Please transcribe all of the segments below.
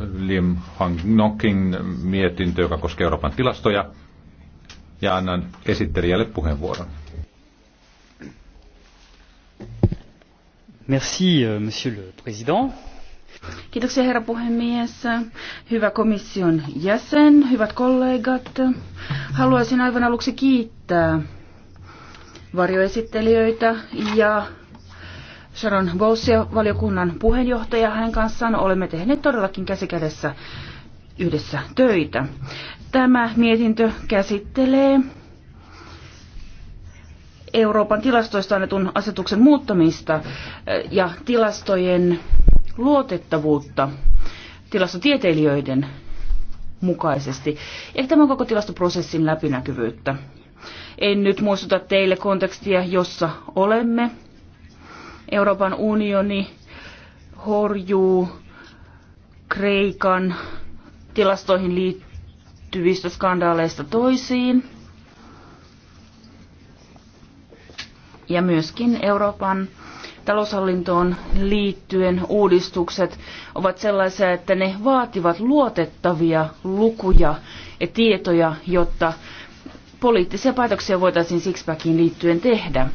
Lim Hang Nokin mietintö, joka koskee Euroopan tilastoja. Ja annan esittelijälle puheenvuoron. Merci, euh, monsieur le président. Kiitoksia herra puhemies, hyvä komission jäsen, hyvät kollegat. Haluaisin aivan aluksi kiittää varjoesittelijöitä ja Sharon Bowsia, valiokunnan puheenjohtaja. Hänen kanssaan olemme tehneet todellakin käsikädessä yhdessä töitä. Tämä mietintö käsittelee Euroopan tilastoista annetun asetuksen muuttamista äh, ja tilastojen luotettavuutta tilastotieteilijöiden mukaisesti. tämä on koko tilastoprosessin läpinäkyvyyttä. En nyt muistuta teille kontekstia, jossa olemme. Euroopan unioni horjuu Kreikan tilastoihin liittyvistä skandaaleista toisiin. Ja myöskin Euroopan taloushallintoon liittyen uudistukset ovat sellaisia, että ne vaativat luotettavia lukuja ja tietoja, jotta poliittisia päätöksiä voitaisiin Sixpackiin liittyen tehdä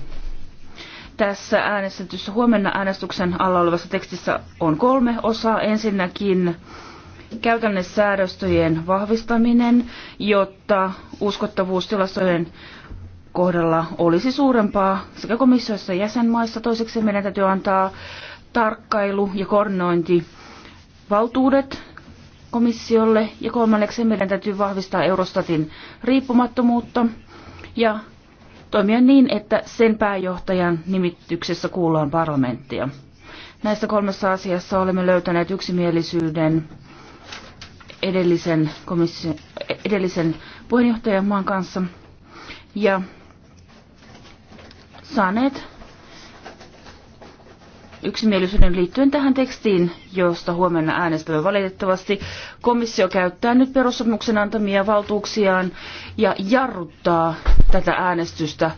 tässä äänestetyssä huomenna äänestyksen alla olevassa tekstissä on kolme osaa. Ensinnäkin käytännössäädöstöjen vahvistaminen, jotta uskottavuustilastojen kohdalla olisi suurempaa sekä komissiossa että jäsenmaissa. Toiseksi meidän täytyy antaa tarkkailu- ja koordinointivaltuudet komissiolle. Ja kolmanneksi meidän täytyy vahvistaa Eurostatin riippumattomuutta. Ja toimia niin, että sen pääjohtajan nimityksessä kuullaan parlamenttia. Näissä kolmessa asiassa olemme löytäneet yksimielisyyden edellisen, komission, edellisen maan kanssa ja saaneet yksimielisyyden liittyen tähän tekstiin, josta huomenna äänestämme valitettavasti. Komissio käyttää nyt perussopimuksen antamia valtuuksiaan ja jarruttaa tätä äänestystä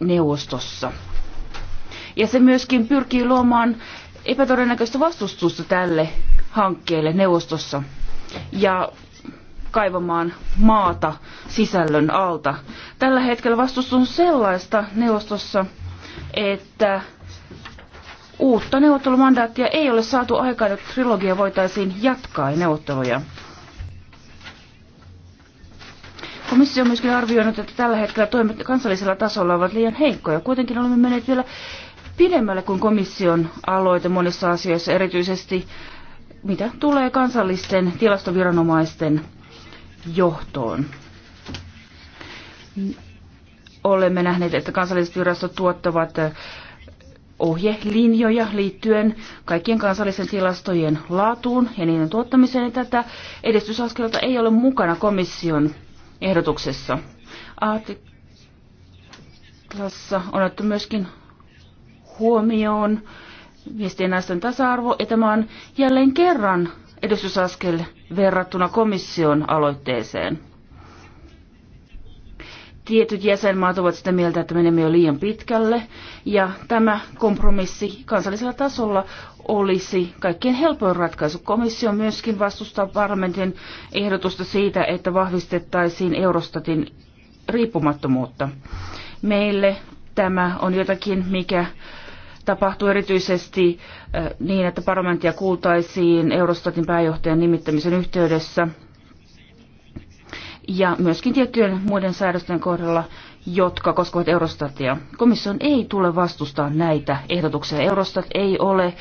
neuvostossa. Ja se myöskin pyrkii luomaan epätodennäköistä vastustusta tälle hankkeelle neuvostossa ja kaivamaan maata sisällön alta. Tällä hetkellä vastustus on sellaista neuvostossa, että uutta neuvottelumandaattia ei ole saatu aikaan, että trilogia voitaisiin jatkaa ja neuvotteluja. Komissio on myöskin arvioinut, että tällä hetkellä toimet kansallisella tasolla ovat liian heikkoja. Kuitenkin olemme menneet vielä pidemmälle kuin komission aloite monissa asioissa, erityisesti mitä tulee kansallisten tilastoviranomaisten johtoon. Olemme nähneet, että kansalliset virastot tuottavat ohjelinjoja liittyen kaikkien kansallisen tilastojen laatuun ja niiden tuottamiseen, ja niin tätä edistysaskelta ei ole mukana komission ehdotuksessa. Artiklassa on otettu myöskin huomioon viestien naisten tasa-arvo, ja tämä on jälleen kerran edistysaskel verrattuna komission aloitteeseen tietyt jäsenmaat ovat sitä mieltä, että menemme jo liian pitkälle, ja tämä kompromissi kansallisella tasolla olisi kaikkein helpoin ratkaisu. Komissio myöskin vastustaa parlamentin ehdotusta siitä, että vahvistettaisiin Eurostatin riippumattomuutta. Meille tämä on jotakin, mikä tapahtuu erityisesti äh, niin, että parlamenttia kuultaisiin Eurostatin pääjohtajan nimittämisen yhteydessä – ja myöskin tiettyjen muiden säädösten kohdalla, jotka koskevat Eurostatia. Komission ei tule vastustaa näitä ehdotuksia. Eurostat ei ole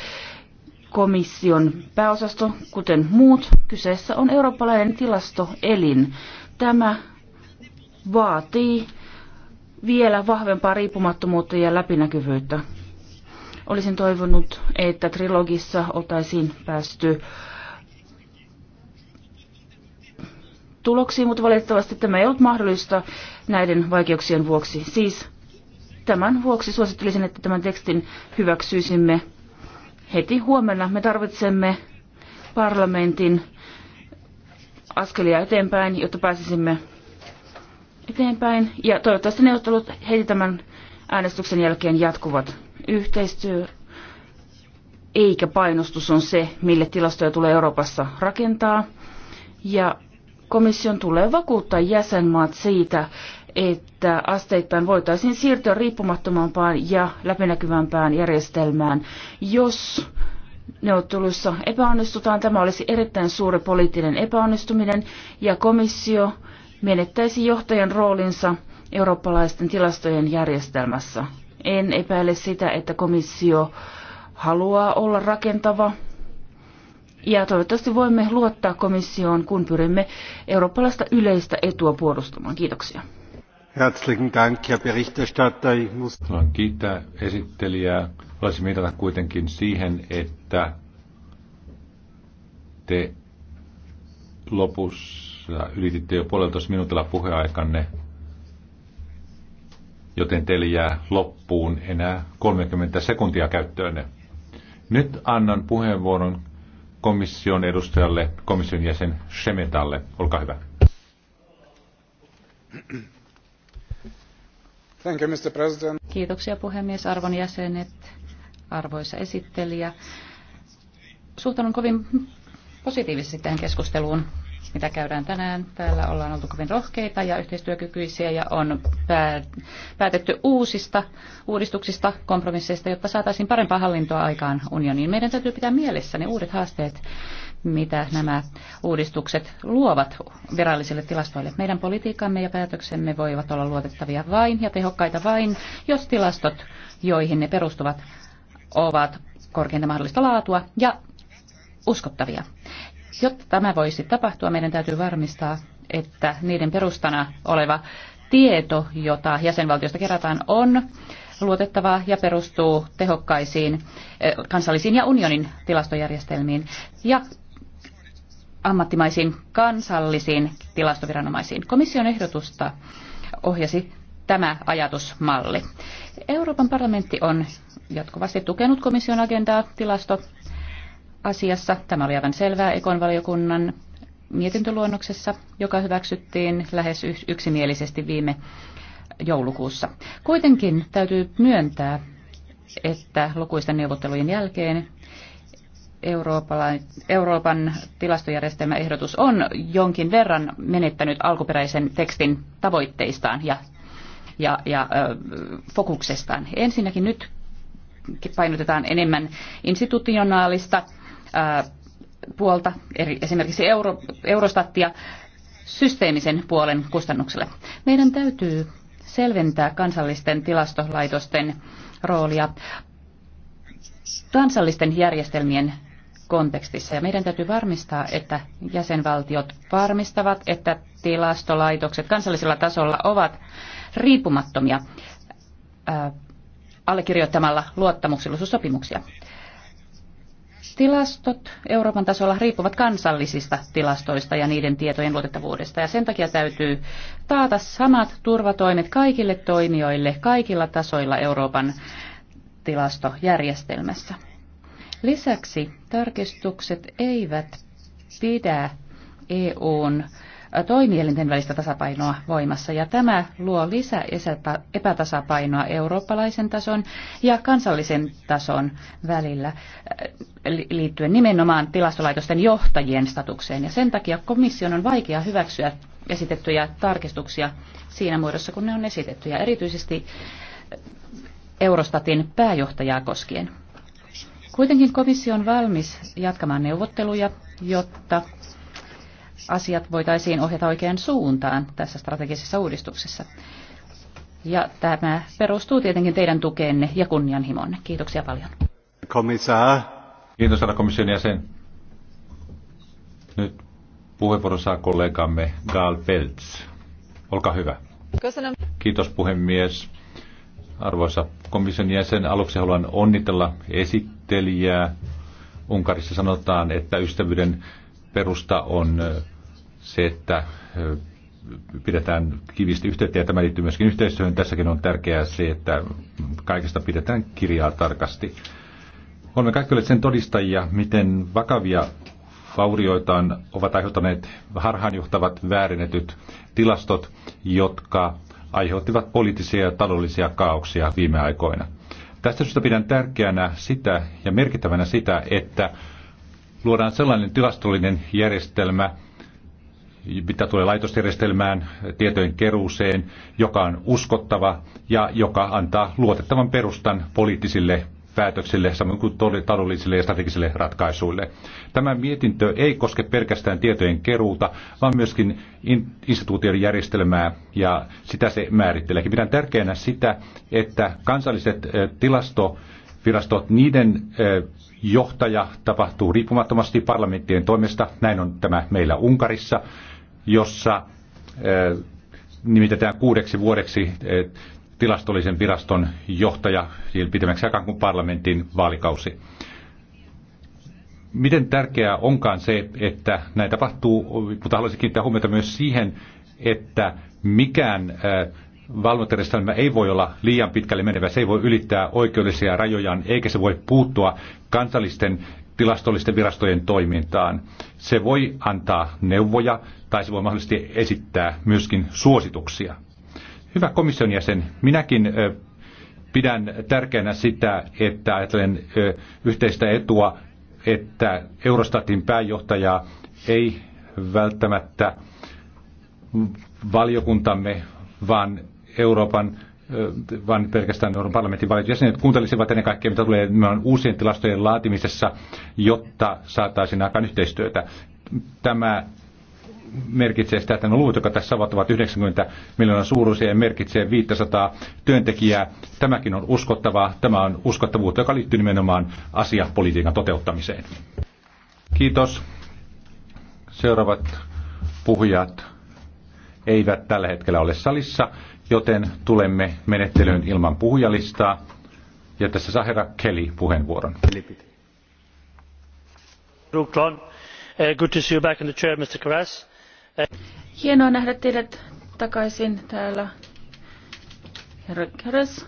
komission pääosasto, kuten muut. Kyseessä on eurooppalainen tilastoelin. Tämä vaatii vielä vahvempaa riippumattomuutta ja läpinäkyvyyttä. Olisin toivonut, että trilogissa oltaisiin päästy tuloksiin, mutta valitettavasti tämä ei ollut mahdollista näiden vaikeuksien vuoksi. Siis tämän vuoksi suosittelisin, että tämän tekstin hyväksyisimme heti huomenna. Me tarvitsemme parlamentin askelia eteenpäin, jotta pääsisimme eteenpäin. Ja toivottavasti neuvottelut heti tämän äänestyksen jälkeen jatkuvat. Yhteistyö eikä painostus on se, mille tilastoja tulee Euroopassa rakentaa. Ja komission tulee vakuuttaa jäsenmaat siitä, että asteittain voitaisiin siirtyä riippumattomampaan ja läpinäkyvämpään järjestelmään, jos neuvotteluissa epäonnistutaan. Tämä olisi erittäin suuri poliittinen epäonnistuminen ja komissio menettäisi johtajan roolinsa eurooppalaisten tilastojen järjestelmässä. En epäile sitä, että komissio haluaa olla rakentava ja toivottavasti voimme luottaa komissioon, kun pyrimme eurooppalaista yleistä etua puolustamaan. Kiitoksia. Herzlichen Dank, Herr Berichterstatter. Ich muss... Haluan kiittää esittelijää. Haluaisin viitata kuitenkin siihen, että te lopussa ylititte jo puolentoista minuutilla puheaikanne, joten teille jää loppuun enää 30 sekuntia käyttöönne. Nyt annan puheenvuoron komission edustajalle, komission jäsen Shemetalle. Olkaa hyvä. Thank you, Mr. President. Kiitoksia puhemies, arvon jäsenet, arvoisa esittelijä. Suhtaudun kovin positiivisesti tähän keskusteluun mitä käydään tänään. Täällä ollaan oltu kovin rohkeita ja yhteistyökykyisiä ja on päätetty uusista uudistuksista, kompromisseista, jotta saataisiin parempaa hallintoa aikaan unioniin. Meidän täytyy pitää mielessä ne uudet haasteet, mitä nämä uudistukset luovat virallisille tilastoille. Meidän politiikkamme ja päätöksemme voivat olla luotettavia vain ja tehokkaita vain, jos tilastot, joihin ne perustuvat, ovat korkeinta mahdollista laatua ja uskottavia. Jotta tämä voisi tapahtua, meidän täytyy varmistaa, että niiden perustana oleva tieto, jota jäsenvaltiosta kerätään, on luotettavaa ja perustuu tehokkaisiin eh, kansallisiin ja unionin tilastojärjestelmiin ja ammattimaisiin kansallisiin tilastoviranomaisiin. Komission ehdotusta ohjasi tämä ajatusmalli. Euroopan parlamentti on jatkuvasti tukenut komission agendaa tilasto asiassa. Tämä oli aivan selvää Ekon valiokunnan mietintöluonnoksessa, joka hyväksyttiin lähes yksimielisesti viime joulukuussa. Kuitenkin täytyy myöntää, että lukuisten neuvottelujen jälkeen Euroopan tilastojärjestelmäehdotus on jonkin verran menettänyt alkuperäisen tekstin tavoitteistaan ja, ja, ja ö, fokuksestaan. Ensinnäkin nyt painotetaan enemmän institutionaalista puolta, esimerkiksi Euro, Eurostattia, systeemisen puolen kustannuksella. Meidän täytyy selventää kansallisten tilastolaitosten roolia kansallisten järjestelmien kontekstissa. Ja meidän täytyy varmistaa, että jäsenvaltiot varmistavat, että tilastolaitokset kansallisella tasolla ovat riippumattomia ää, allekirjoittamalla luottamuksellisuussopimuksia. Tilastot Euroopan tasolla riippuvat kansallisista tilastoista ja niiden tietojen luotettavuudesta ja sen takia täytyy taata samat turvatoimet kaikille toimijoille kaikilla tasoilla Euroopan tilastojärjestelmässä. Lisäksi tarkistukset eivät pidä EUn toimielinten välistä tasapainoa voimassa. Ja tämä luo lisää epätasapainoa eurooppalaisen tason ja kansallisen tason välillä äh, liittyen nimenomaan tilastolaitosten johtajien statukseen. Ja sen takia komission on vaikea hyväksyä esitettyjä tarkistuksia siinä muodossa, kun ne on esitetty, ja erityisesti äh, Eurostatin pääjohtajaa koskien. Kuitenkin komissio on valmis jatkamaan neuvotteluja, jotta asiat voitaisiin ohjata oikeaan suuntaan tässä strategisessa uudistuksessa. Ja tämä perustuu tietenkin teidän tukeenne ja kunnianhimonne. Kiitoksia paljon. Komissaa. Kiitos, herra komission jäsen. Nyt puheenvuoro saa kollegamme Gaal Peltz. Olkaa hyvä. Kiitos puhemies. Arvoisa komission jäsen, aluksi haluan onnitella esittelijää. Unkarissa sanotaan, että ystävyyden perusta on se, että pidetään kivisti yhteyttä ja tämä liittyy myöskin yhteistyöhön. Tässäkin on tärkeää se, että kaikesta pidetään kirjaa tarkasti. Olemme kaikki olleet sen todistajia, miten vakavia vaurioitaan ovat aiheuttaneet harhaanjohtavat väärinetyt tilastot, jotka aiheuttivat poliittisia ja taloudellisia kaauksia viime aikoina. Tästä syystä pidän tärkeänä sitä ja merkittävänä sitä, että luodaan sellainen tilastollinen järjestelmä, mitä tulee laitosjärjestelmään, tietojen keruuseen, joka on uskottava ja joka antaa luotettavan perustan poliittisille päätöksille, samoin kuin taloudellisille ja strategisille ratkaisuille. Tämä mietintö ei koske pelkästään tietojen keruuta, vaan myöskin instituutioiden järjestelmää, ja sitä se määritteleekin. Pidän tärkeänä sitä, että kansalliset eh, tilasto- virastot, niiden johtaja tapahtuu riippumattomasti parlamenttien toimesta. Näin on tämä meillä Unkarissa, jossa nimitetään kuudeksi vuodeksi tilastollisen viraston johtaja pitemmäksi aikaan kuin parlamentin vaalikausi. Miten tärkeää onkaan se, että näin tapahtuu, mutta haluaisin kiinnittää huomiota myös siihen, että mikään äh, valvontajärjestelmä ei voi olla liian pitkälle menevä, se ei voi ylittää oikeudellisia rajojaan, eikä se voi puuttua kansallisten tilastollisten virastojen toimintaan. Se voi antaa neuvoja tai se voi mahdollisesti esittää myöskin suosituksia. Hyvä komission jäsen, minäkin pidän tärkeänä sitä, että ajattelen yhteistä etua, että Eurostatin pääjohtajaa ei välttämättä valiokuntamme, vaan Euroopan vaan pelkästään Euroopan parlamentin valitut jäsenet kuuntelisivat ennen kaikkea, mitä tulee uusien tilastojen laatimisessa, jotta saataisiin aikaan yhteistyötä. Tämä merkitsee sitä, että ne luvut, jotka tässä ovat, ovat 90 miljoonaa suuruisia ja merkitsee 500 työntekijää. Tämäkin on uskottavaa. Tämä on uskottavuutta, joka liittyy nimenomaan asiapolitiikan toteuttamiseen. Kiitos. Seuraavat puhujat eivät tällä hetkellä ole salissa joten tulemme menettelyyn ilman puhujalistaa. Ja tässä saa herra Kelly puheenvuoron. Eh, eh, Hienoa nähdä teidät takaisin täällä, herra Keres.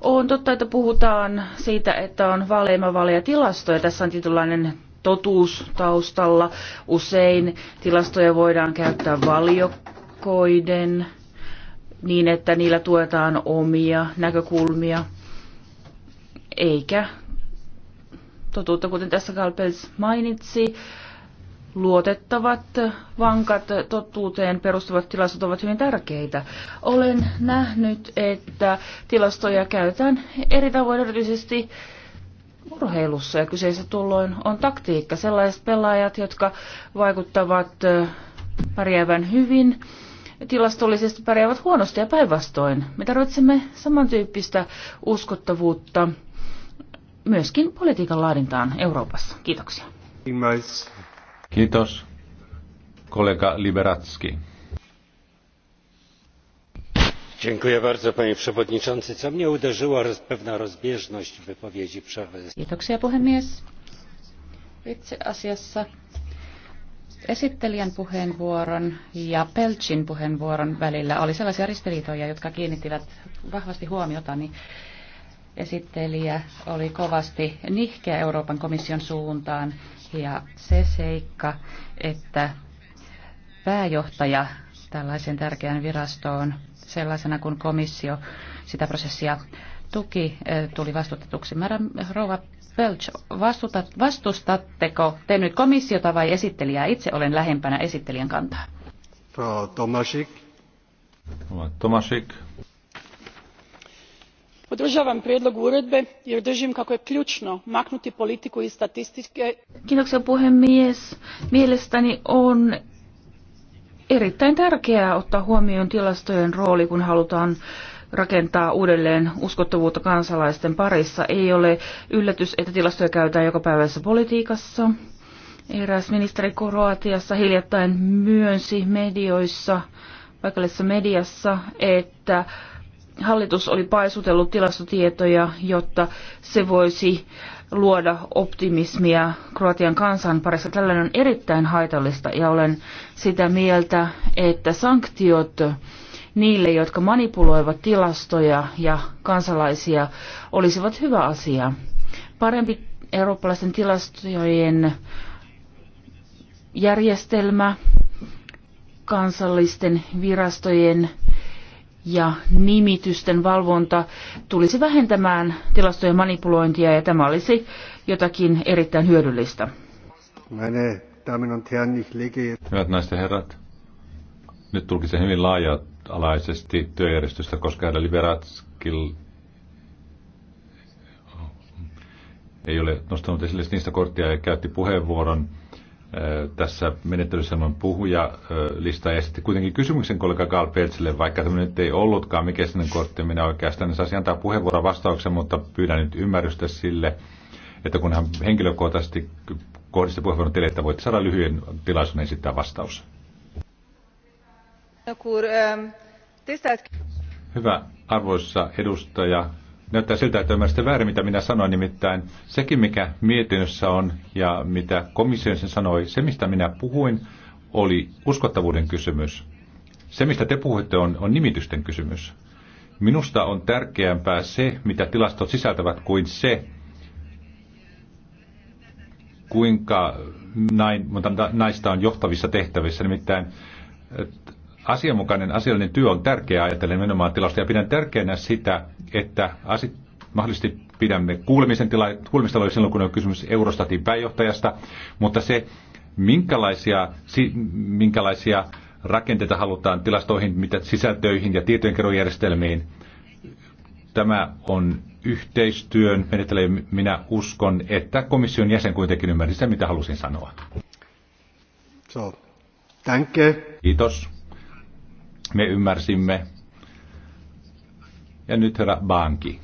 On totta, että puhutaan siitä, että on vaaleima vaaleja tilastoja. Tässä on tietynlainen totuus taustalla. Usein tilastoja voidaan käyttää valiokoiden niin, että niillä tuetaan omia näkökulmia, eikä totuutta, kuten tässä Kalpels mainitsi, luotettavat, vankat, totuuteen perustuvat tilastot ovat hyvin tärkeitä. Olen nähnyt, että tilastoja käytetään eri tavoin erityisesti urheilussa ja kyseessä tulloin on taktiikka. Sellaiset pelaajat, jotka vaikuttavat äh, pärjäävän hyvin, tilastollisesti pärjäävät huonosti ja päinvastoin. Me tarvitsemme samantyyppistä uskottavuutta myöskin politiikan laadintaan Euroopassa. Kiitoksia. Kiitos, kollega Liberatski. Dziękuję bardzo, panie przewodniczący. Co mnie uderzyło, jest pewna rozbieżność wypowiedzi przewodniczącego. Kiitoksia, puhemies. Itse asiassa esittelijän puheenvuoron ja Pelchin puheenvuoron välillä oli sellaisia ristiriitoja, jotka kiinnittivät vahvasti huomiota, niin esittelijä oli kovasti nihkeä Euroopan komission suuntaan ja se seikka, että pääjohtaja tällaisen tärkeän virastoon sellaisena kuin komissio sitä prosessia tuki eh, tuli vastutetuksi. Mä rouva Pölch, vastustatteko te nyt komissiota vai esittelijää? Itse olen lähempänä esittelijän kantaa. Tomasik. Tomasik. Podržavam prijedlog uredbe jer držim kako je ključno maknuti politiku iz statistike. Kiitoksia puhemies. Mielestäni on erittäin tärkeää ottaa huomioon tilastojen rooli, kun halutaan rakentaa uudelleen uskottavuutta kansalaisten parissa. Ei ole yllätys, että tilastoja käytetään joka päivässä politiikassa. Eräs ministeri Kroatiassa hiljattain myönsi medioissa, paikallisessa mediassa, että hallitus oli paisutellut tilastotietoja, jotta se voisi luoda optimismia Kroatian kansan parissa. Tällainen on erittäin haitallista ja olen sitä mieltä, että sanktiot niille, jotka manipuloivat tilastoja ja kansalaisia, olisivat hyvä asia. Parempi eurooppalaisten tilastojen järjestelmä kansallisten virastojen ja nimitysten valvonta tulisi vähentämään tilastojen manipulointia ja tämä olisi jotakin erittäin hyödyllistä. Hyvät naiset ja herrat, nyt tulkitsen hyvin laajat alaisesti työjärjestystä, koska hänellä Liberatskil ei ole nostanut esille niistä korttia ja käytti puheenvuoron tässä menettelyssä on puhuja lista ja sitten kuitenkin kysymyksen kollega Karl Peltsille, vaikka tämä nyt ei ollutkaan mikä sinne kortti, minä oikeastaan saisin antaa puheenvuoron vastauksen, mutta pyydän nyt ymmärrystä sille, että kun hän henkilökohtaisesti kohdisti puheenvuoron teille, että voitte saada lyhyen tilaisuuden esittää vastaus. Hyvä arvoisa edustaja. Näyttää siltä, että ymmärsitte väärin, mitä minä sanoin. Nimittäin sekin, mikä mietinnössä on ja mitä komissio sen sanoi, se mistä minä puhuin, oli uskottavuuden kysymys. Se, mistä te puhuitte, on, on nimitysten kysymys. Minusta on tärkeämpää se, mitä tilastot sisältävät, kuin se, kuinka nain, naista on johtavissa tehtävissä. Nimittäin asianmukainen asiallinen työ on tärkeää ajatellen nimenomaan tilasta ja pidän tärkeänä sitä, että asi- mahdollisesti pidämme kuulemisen tila- kuulemista silloin, kun on kysymys Eurostatin pääjohtajasta, mutta se, minkälaisia, si- minkälaisia rakenteita halutaan tilastoihin, mitä sisältöihin ja tietojenkerrojärjestelmiin, tämä on yhteistyön menettely. Minä uskon, että komission jäsen kuitenkin ymmärsi sen, mitä halusin sanoa. So, danke. Kiitos me ymmärsimme. Ja nyt herra Banki.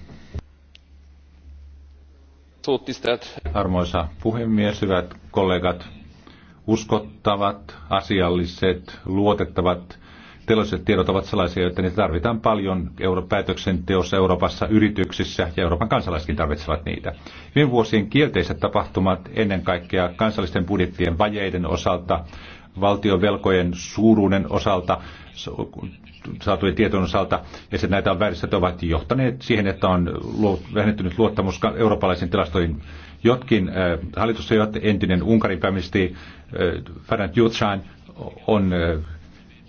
Armoisa puhemies, hyvät kollegat, uskottavat, asialliset, luotettavat teolliset tiedot ovat sellaisia, joita niitä tarvitaan paljon Euroopan päätöksenteossa Euroopassa, yrityksissä ja Euroopan kansalaiskin tarvitsevat niitä. Viime vuosien kielteiset tapahtumat ennen kaikkea kansallisten budjettien vajeiden osalta valtiovelkojen suuruuden osalta, saatujen tietojen osalta, ja se näitä vääristät ovat johtaneet siihen, että on vähentynyt luottamus eurooppalaisiin tilastoihin. Jotkin äh, hallitusjohtaja, entinen Unkarin pääministeri äh, Ferenc Jutschain on äh,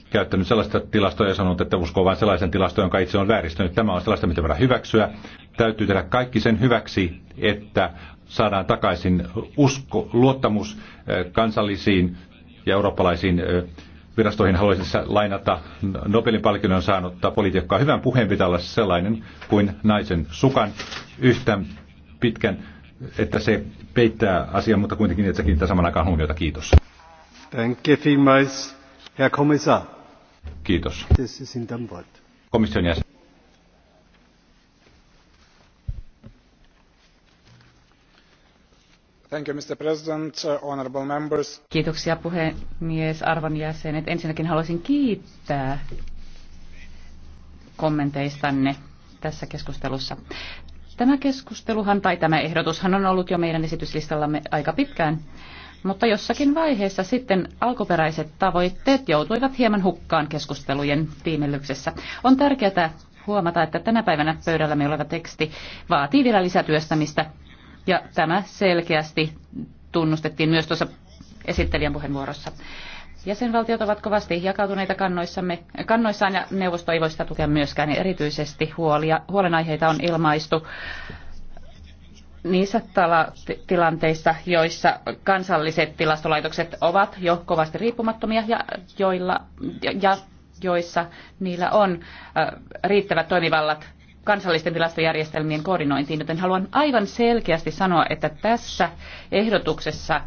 käyttänyt sellaista tilastoa ja sanonut, että uskoo vain sellaisen tilaston, jonka itse on vääristynyt. Tämä on sellaista, mitä voidaan hyväksyä. Täytyy tehdä kaikki sen hyväksi, että saadaan takaisin usko, luottamus äh, kansallisiin ja eurooppalaisiin virastoihin haluaisin lainata Nobelin palkinnon saanutta poliitikkoa. Hyvän puheen pitää olla sellainen kuin naisen sukan yhtä pitkän, että se peittää asian, mutta kuitenkin niin, että se kiinnittää saman aikaan huomiota. Kiitos. Danke vielmals, Herr Kommissar. Kiitos. Komission jäsen. Uh, Kiitoksia puhemies, arvon jäsenet. Ensinnäkin haluaisin kiittää kommenteistanne tässä keskustelussa. Tämä keskusteluhan tai tämä ehdotushan on ollut jo meidän esityslistallamme aika pitkään, mutta jossakin vaiheessa sitten alkuperäiset tavoitteet joutuivat hieman hukkaan keskustelujen tiimellyksessä. On tärkeää huomata, että tänä päivänä pöydällämme oleva teksti vaatii vielä lisätyöstämistä ja tämä selkeästi tunnustettiin myös tuossa esittelijän puheenvuorossa. Jäsenvaltiot ovat kovasti jakautuneita kannoissamme, kannoissaan ja neuvosto ei voi sitä tukea myöskään. Erityisesti huolia, huolenaiheita on ilmaistu niissä tilanteissa, joissa kansalliset tilastolaitokset ovat jo kovasti riippumattomia ja, joilla, ja, ja joissa niillä on äh, riittävät toimivallat kansallisten tilastojärjestelmien koordinointiin, joten haluan aivan selkeästi sanoa, että tässä ehdotuksessa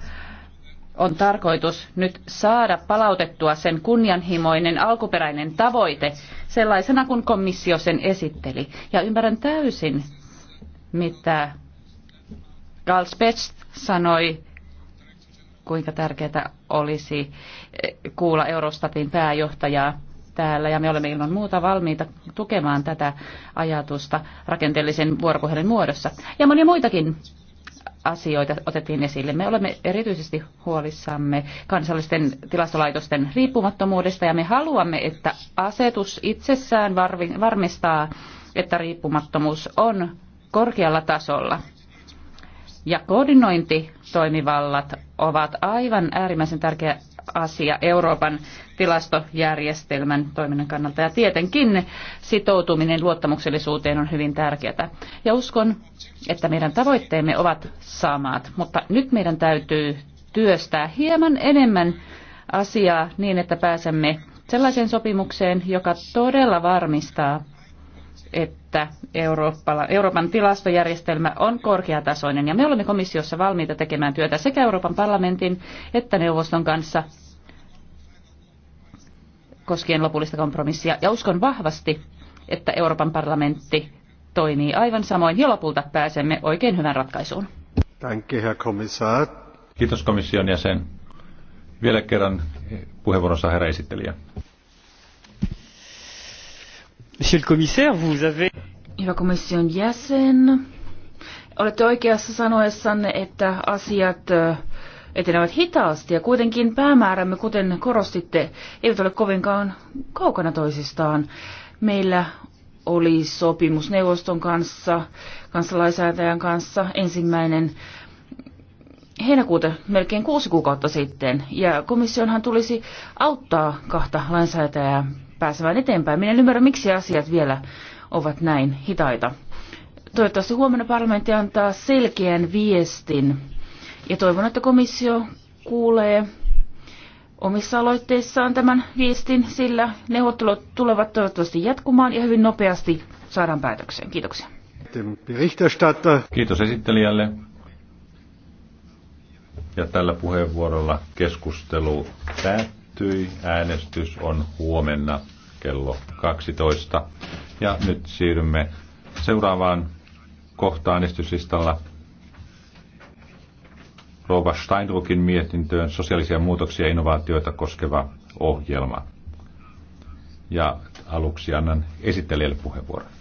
on tarkoitus nyt saada palautettua sen kunnianhimoinen alkuperäinen tavoite sellaisena kuin komissio sen esitteli. Ja ymmärrän täysin, mitä Galspets sanoi, kuinka tärkeää olisi kuulla Eurostatin pääjohtajaa täällä ja me olemme ilman muuta valmiita tukemaan tätä ajatusta rakenteellisen vuoropuhelin muodossa. Ja monia muitakin asioita otettiin esille. Me olemme erityisesti huolissamme kansallisten tilastolaitosten riippumattomuudesta ja me haluamme, että asetus itsessään varmistaa, että riippumattomuus on korkealla tasolla. Ja koordinointitoimivallat ovat aivan äärimmäisen tärkeä asia Euroopan tilastojärjestelmän toiminnan kannalta. Ja tietenkin sitoutuminen luottamuksellisuuteen on hyvin tärkeää. Ja uskon, että meidän tavoitteemme ovat samat, mutta nyt meidän täytyy työstää hieman enemmän asiaa niin, että pääsemme sellaiseen sopimukseen, joka todella varmistaa että Euroopan tilastojärjestelmä on korkeatasoinen ja me olemme komissiossa valmiita tekemään työtä sekä Euroopan parlamentin että neuvoston kanssa koskien lopullista kompromissia. Ja uskon vahvasti, että Euroopan parlamentti toimii aivan samoin ja lopulta pääsemme oikein hyvän ratkaisuun. Herr Kiitos komission jäsen. Vielä kerran puheenvuoronsa herra esittelijä. Monsieur le commissaire, vous avez... Hyvä komission jäsen, olette oikeassa sanoessanne, että asiat etenevät hitaasti ja kuitenkin päämäärämme, kuten korostitte, eivät ole kovinkaan kaukana toisistaan. Meillä oli sopimus neuvoston kanssa, kansalaisäätäjän kanssa ensimmäinen heinäkuuta melkein kuusi kuukautta sitten, ja komissionhan tulisi auttaa kahta lainsäätäjää pääsemään eteenpäin. Minä en ymmärrä, miksi asiat vielä ovat näin hitaita. Toivottavasti huomenna parlamentti antaa selkeän viestin ja toivon, että komissio kuulee omissa aloitteissaan tämän viestin, sillä neuvottelut tulevat toivottavasti jatkumaan ja hyvin nopeasti saadaan päätökseen. Kiitoksia. Kiitos esittelijälle. Ja tällä puheenvuorolla keskustelu päättyy päättyi. Äänestys on huomenna kello 12. Ja nyt siirrymme seuraavaan kohtaan äänestyslistalla. Rova Steinruckin mietintöön sosiaalisia muutoksia ja innovaatioita koskeva ohjelma. Ja aluksi annan esittelijälle puheenvuoron.